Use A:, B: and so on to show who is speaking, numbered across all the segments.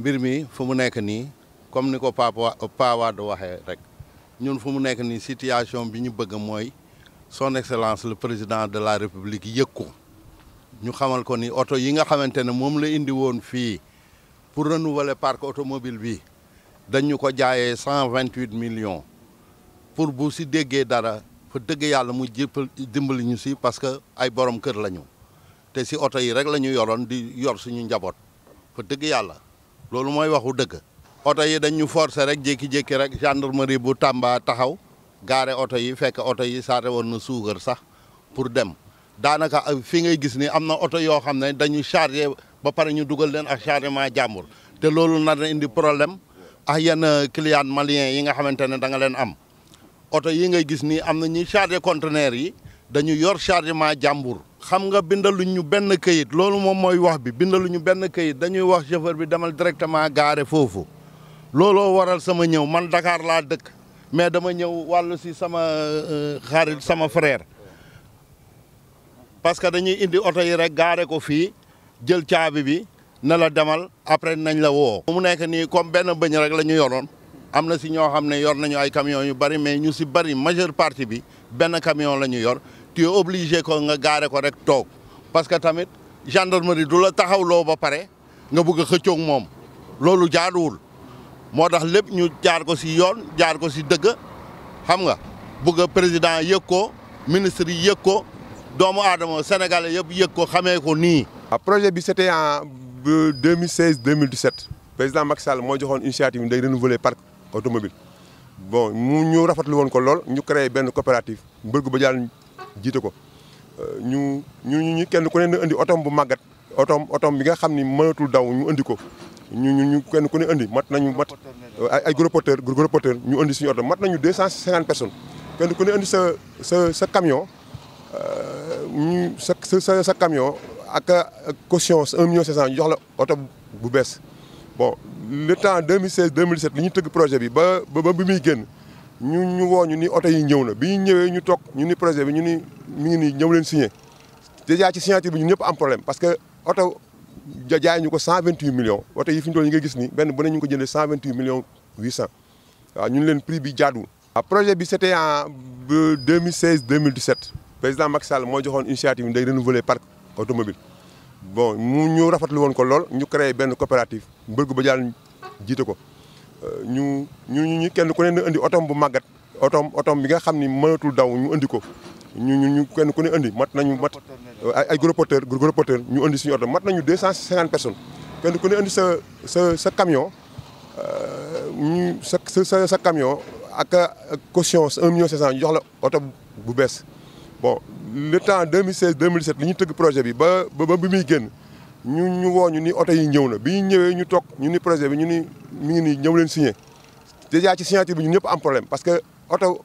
A: mbir mi fu mu nekk nii comme ni ko Papa Paa waxe rek ñun fu mu nekk nii situation bi ñu bëgg mooy son excellence le président de la république yëg ko ñu xamal ko ni oto yi nga xamante ne moom la indi woon fii pour renouveler parc automobile bi dañu ko jaaye cent vingt huit millions pour bu si déggee dara fa dëgg yàlla mu jéppal dimbali ñu si parce que ay borom kër lañu te si oto yi rek la ñu yoroon di yor suñu njaboot fa dëgg yàlla. loolu mooy waxu dëgg oto yi dañ ñu forcer rek jékki-jékki rek gendarmerie bu tàmba taxaw gaare oto yi fekk oto yi saate woon na suukar sax pour dem daanaka fi ngay gis ni am na oto yoo xam ne dañu chargé ba pare ñu dugal leen ak chargement jàmbur te loolu nar na indi problème ak yenn client malien yi nga xamante ne da nga leen am oto yi ngay gis nii am na ñuy chargé conteneur yi dañu yor chargement jàmbur xam nga bindaluñ ñu benn kayit loolu moom mooy wax bi bindalu ñu benn kayit dañuy wax chauffeur bi demal directement gaare foofu looloo waral sama ñëw man dakaar laa dëkk mais dama ñëw wàllu si sama euh, xarit sama frère parce que dañuy indi oto yi rek gaare ko fii jël caabi bi na la demal après nañ la woo. mu nekk nii comme benn bëñ rek la ñu yoroon am na si ñoo xam ne yor nañu ay camions yu bari mais ñu si bari majeure partie bi benn camion la ñu yor. tu es obligé ko nga pas parce que tamit gendarmerie la ba paré, nga bëgg mom. ne ñu jaar ko dëgg xam nga président ministre doomu
B: sénégalais ko ah, projet c'était en 2016 2017 président Macky Sall là. initiative de renouveler parc automobile bon nous fait créé une coopérative jiite ko euh, ñu ñu ñu kenn ku ne na indi otoom bu màggat otoom otoom bi nga xam ni mënatul daw ñu indi ko ñu ñu kenn ku ne indi mat nañu mat ay gros porteur gros porteur ñu indi suñu oto mat nañu deux cent cinquante personnes kenn ku ne andi sa sa sa camion euh, ñu sa sa sa camion ak caution un million cinq cent ñu jox la oto bu bees bon le temps 2016 2017 li ñu tëgg projet bi ba ba bi muy génn ñu ñu woo ñu ni oto yi ñëw na bi ñu ñëwee ñu toog ñu ni projet bi ñu ni mi ngi nii ñëw leen signé déjà ci signature bi ñu ñëpp am problème parce que oto jaay ñu ko 128 millions oto yi fi ñu toll yi nga gis ni benn bu ne ñu ngi ko jëndee 128 millions 800 waaw ñu leen prix bi jaaduwul. ah projet bi c'était en 2016 2017 président Macky Sall moo joxoon initiative bi day renouveler parc automobile bon mu ñu rafetlu woon ko lool ñu créé benn coopérative mbërgu ba jàll jiite ko. ñu ñu ñu kenn ku ne na indi otoom bu màggat otoom otoom bi nga xam ni mënatul daw ñu indi ko ñu ñu ñu kenn ku ne indi mat nañu mat ay gros porteur gros porteur ñu indi suñu oto mat nañu deux cent cinquante personnes kenn ku ne indi sa sa sa camion euh, ñu sa sa sa camion ak caution un million cinq cent ñu jox la oto bu bees bon le temps 2016 2017 li ñu tëgg projet bi ba ba bi muy génn ñu ñu woo ñu ni oto yi ñëw na bi ñu ñëwee ñu toog ñu ni projet bi ñu ni mi ngi nii ñëw leen signé déjà ci signature bi ñun ñëpp am problème parce que oto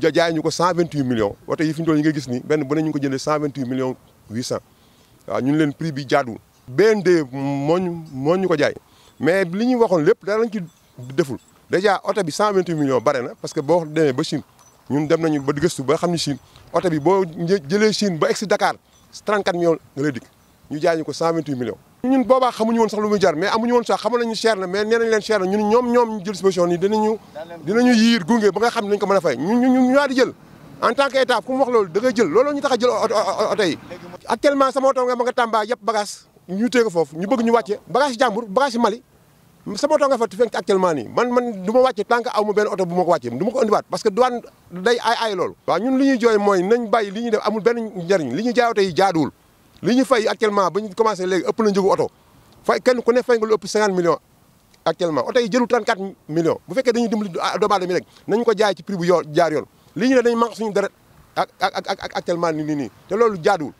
B: jaay ñu ko 128 millions oto yi fi ñu yi nga gis ni benn bu ne ñu ngi ko jëndee 128 millions 800 waaw ñu leen prix bi jaaduwul. BND moo ñu moo ñu ko jaay mais li ñu waxoon lépp dara lañ ci deful déjà oto bi 128 millions bare na parce que boo demee ba Chine ñun dem nañu ba gëstu ba xam ni Chine oto bi boo jëlee Chine ba egsi Dakar 34 millions nga lay dikk. ñu jaay ñu ko 128 millions. ñun boobaa xamuñu woon sax lu muy jar mais amuñu woon sax xamoon nañu cher na mais nee nañ leen cher na ñun ñoom ñoom ñu jël ni dinañu dinañu yiir gunge ba nga xam ne dañ ko a fay ñun ñu ñaa di jël en tant que état ku mu wax loolu ñu tax a jël oto yi actuellement sama nga Tamba yëpp bagage ñu téye ko foofu ñu bëgg ñu wàcce bagage yi jàmbur bagage yi Mali sama oto nga nii man man du ma wàcce tant que benn oto bu ma ko wàcce du ma ko indiwaat parce que douane day ay ay loolu waaw ñun li ñu jooy mooy nañ bàyyi li ñuy def amul benn njariñ li ñuy jaay oto yi jaaduwul li ñu fay actuellement ba ñu commencé léegi ëpp na njëgu oto fay kenn ku ne fay nga lu ëpp 50 millions actuellement oto yi jëlu 34 millions bu fekkee dañuy dimbali ah doomu aadama mi rek nañ ko jaay ci prix bu yoo jaar yoon li ñu ne dañu manque suñu deret ak ak ak te loolu jaaduwul